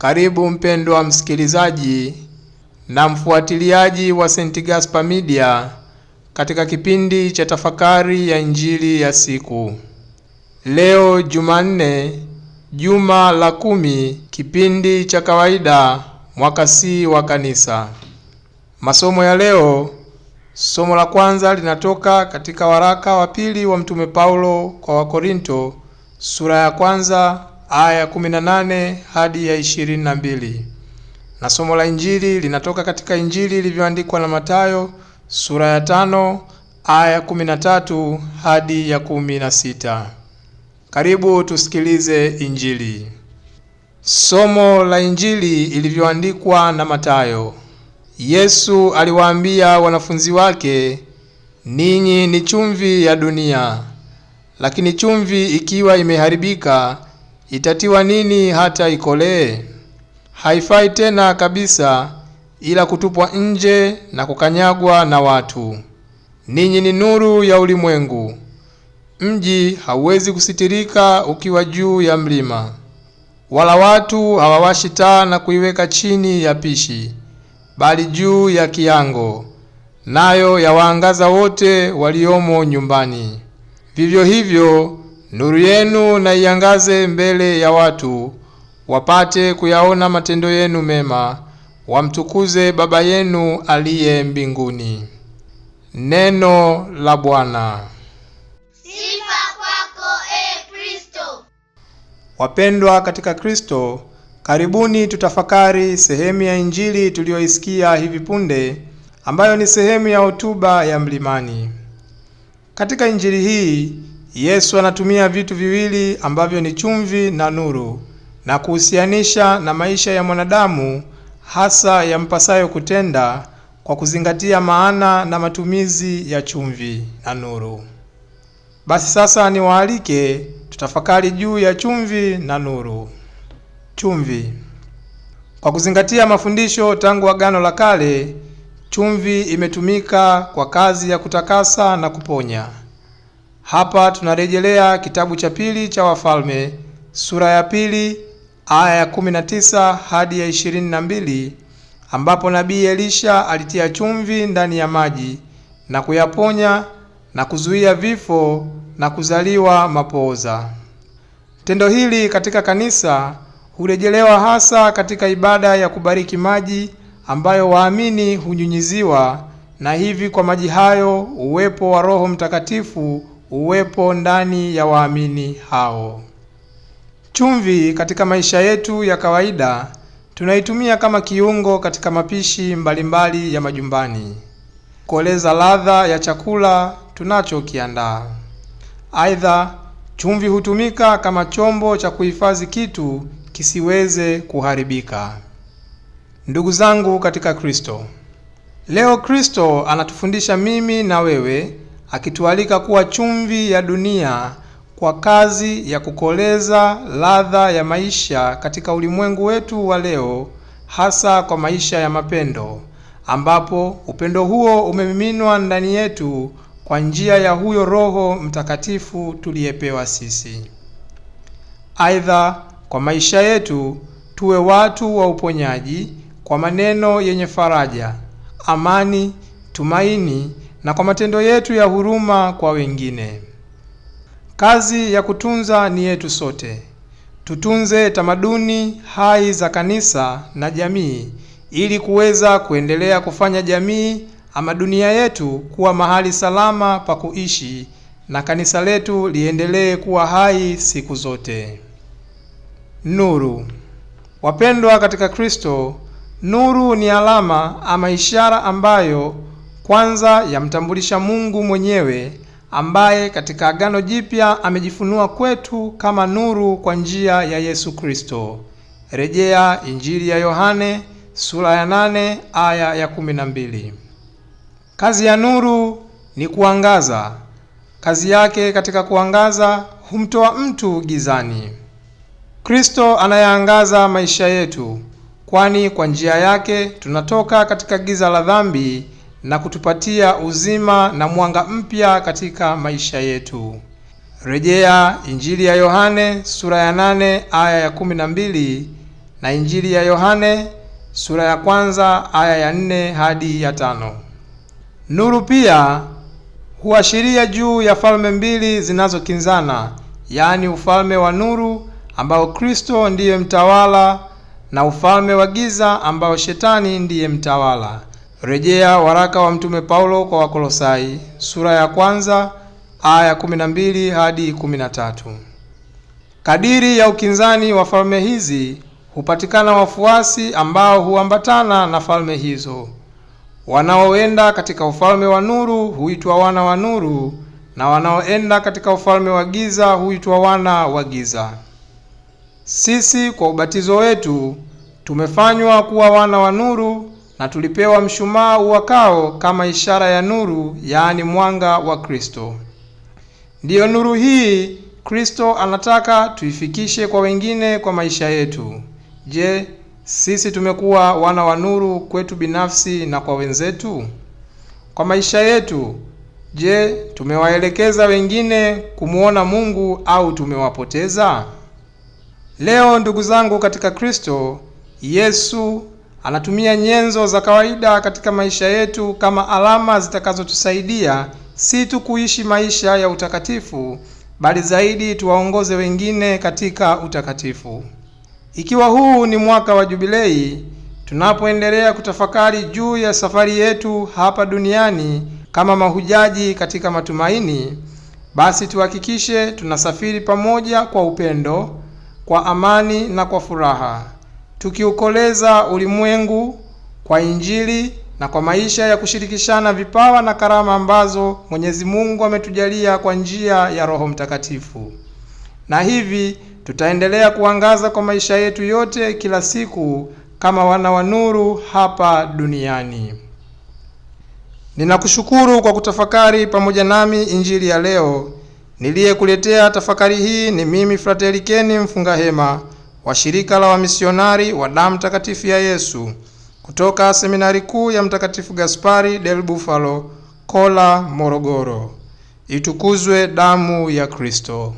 Karibu mpendwa msikilizaji na mfuatiliaji wa St. Gaspar Media katika kipindi cha tafakari ya Injili ya siku. Leo Jumanne, juma la kumi, kipindi cha kawaida, mwaka C wa Kanisa. Masomo ya leo, somo la kwanza linatoka katika waraka wa pili wa Mtume Paulo kwa Wakorinto sura ya kwanza aya 18 hadi ya 22. Na somo la Injili linatoka katika Injili ilivyoandikwa na Mathayo sura ya 5 aya 13 hadi ya 16. Karibu tusikilize Injili. Somo la Injili ilivyoandikwa na Mathayo. Yesu aliwaambia wanafunzi wake, ninyi ni chumvi ya dunia, lakini chumvi ikiwa imeharibika itatiwa nini hata ikolee? Haifai tena kabisa, ila kutupwa nje na kukanyagwa na watu. Ninyi ni nuru ya ulimwengu. Mji hauwezi kusitirika ukiwa juu ya mlima, wala watu hawawashi taa na kuiweka chini ya pishi, bali juu ya kiango, nayo yawaangaza wote waliomo nyumbani. Vivyo hivyo nuru yenu na iangaze mbele ya watu, wapate kuyaona matendo yenu mema, wamtukuze Baba yenu aliye mbinguni. Neno la Bwana. Sifa kwako e Kristo. Wapendwa katika Kristo, karibuni tutafakari sehemu ya Injili tuliyoisikia hivi punde ambayo ni sehemu ya hotuba ya mlimani. Katika Injili hii Yesu anatumia vitu viwili ambavyo ni chumvi na nuru na kuhusianisha na maisha ya mwanadamu hasa yampasayo kutenda kwa kuzingatia maana na matumizi ya chumvi na nuru. Basi sasa niwaalike tutafakari juu ya chumvi na nuru. Chumvi. Kwa kuzingatia mafundisho tangu Agano la Kale, chumvi imetumika kwa kazi ya kutakasa na kuponya. Hapa tunarejelea kitabu cha pili cha Wafalme sura ya pili aya ya 19 hadi ya 22, ambapo nabii Elisha alitia chumvi ndani ya maji na kuyaponya na kuzuia vifo na kuzaliwa mapooza. Tendo hili katika kanisa hurejelewa hasa katika ibada ya kubariki maji ambayo waamini hunyunyiziwa, na hivi kwa maji hayo uwepo wa Roho Mtakatifu uwepo ndani ya waamini hao. Chumvi katika maisha yetu ya kawaida tunaitumia kama kiungo katika mapishi mbalimbali mbali ya majumbani, koleza ladha ya chakula tunachokiandaa. Aidha, chumvi hutumika kama chombo cha kuhifadhi kitu kisiweze kuharibika. Ndugu zangu katika Kristo, leo Kristo anatufundisha mimi na wewe akitualika kuwa chumvi ya dunia kwa kazi ya kukoleza ladha ya maisha katika ulimwengu wetu wa leo, hasa kwa maisha ya mapendo, ambapo upendo huo umemiminwa ndani yetu kwa njia ya huyo Roho Mtakatifu tuliyepewa sisi. Aidha, kwa maisha yetu tuwe watu wa uponyaji kwa maneno yenye faraja, amani, tumaini na kwa matendo yetu ya huruma kwa wengine. Kazi ya kutunza ni yetu sote. Tutunze tamaduni hai za kanisa na jamii ili kuweza kuendelea kufanya jamii ama dunia yetu kuwa mahali salama pa kuishi na kanisa letu liendelee kuwa hai siku zote. Nuru. Wapendwa katika Kristo, nuru ni alama ama ishara ambayo kwanza yamtambulisha Mungu mwenyewe ambaye katika Agano Jipya amejifunua kwetu kama nuru kwa njia ya Yesu Kristo. Rejea Injili ya Yohane sura ya nane aya ya kumi na mbili. Kazi ya nuru ni kuangaza. Kazi yake katika kuangaza humtoa mtu gizani. Kristo anayaangaza maisha yetu, kwani kwa njia yake tunatoka katika giza la dhambi na kutupatia uzima na mwanga mpya katika maisha yetu. Rejea Injili ya Yohane sura ya nane aya ya kumi na mbili na Injili ya Yohane sura ya kwanza aya ya nne hadi ya tano. Nuru pia huashiria juu ya falme mbili zinazokinzana, yaani ufalme wa nuru ambao Kristo ndiye mtawala na ufalme wa giza ambao Shetani ndiye mtawala. Rejea waraka wa Mtume Paulo kwa Wakolosai sura ya kwanza aya 12 hadi 13. Kadiri ya ukinzani wa falme hizi hupatikana wafuasi ambao huambatana na falme hizo. Wanaoenda katika ufalme wa nuru huitwa wana wa nuru, na wanaoenda katika ufalme wa giza huitwa wana wa giza. Sisi kwa ubatizo wetu tumefanywa kuwa wana wa nuru na tulipewa mshumaa uwakao kama ishara ya nuru, yaani mwanga wa Kristo. Ndiyo nuru hii Kristo anataka tuifikishe kwa wengine kwa maisha yetu. Je, sisi tumekuwa wana wa nuru kwetu binafsi na kwa wenzetu? Kwa maisha yetu, je, tumewaelekeza wengine kumuona Mungu au tumewapoteza? Leo ndugu zangu katika Kristo Yesu Anatumia nyenzo za kawaida katika maisha yetu kama alama zitakazotusaidia si tu kuishi maisha ya utakatifu, bali zaidi tuwaongoze wengine katika utakatifu. Ikiwa huu ni mwaka wa Jubilei, tunapoendelea kutafakari juu ya safari yetu hapa duniani kama mahujaji katika matumaini, basi tuhakikishe tunasafiri pamoja kwa upendo, kwa amani na kwa furaha tukiukoleza ulimwengu kwa Injili na kwa maisha ya kushirikishana vipawa na karama ambazo Mwenyezi Mungu ametujalia kwa njia ya Roho Mtakatifu. Na hivi tutaendelea kuangaza kwa maisha yetu yote kila siku kama wana wa nuru hapa duniani. Ninakushukuru kwa kutafakari pamoja nami Injili ya leo. Niliyekuletea tafakari hii ni mimi Frateri Keni Mfungahema wa shirika la wamisionari wa, wa damu takatifu ya Yesu kutoka seminari kuu ya Mtakatifu Gaspari del Bufalo, Kola, Morogoro. Itukuzwe damu ya Kristo!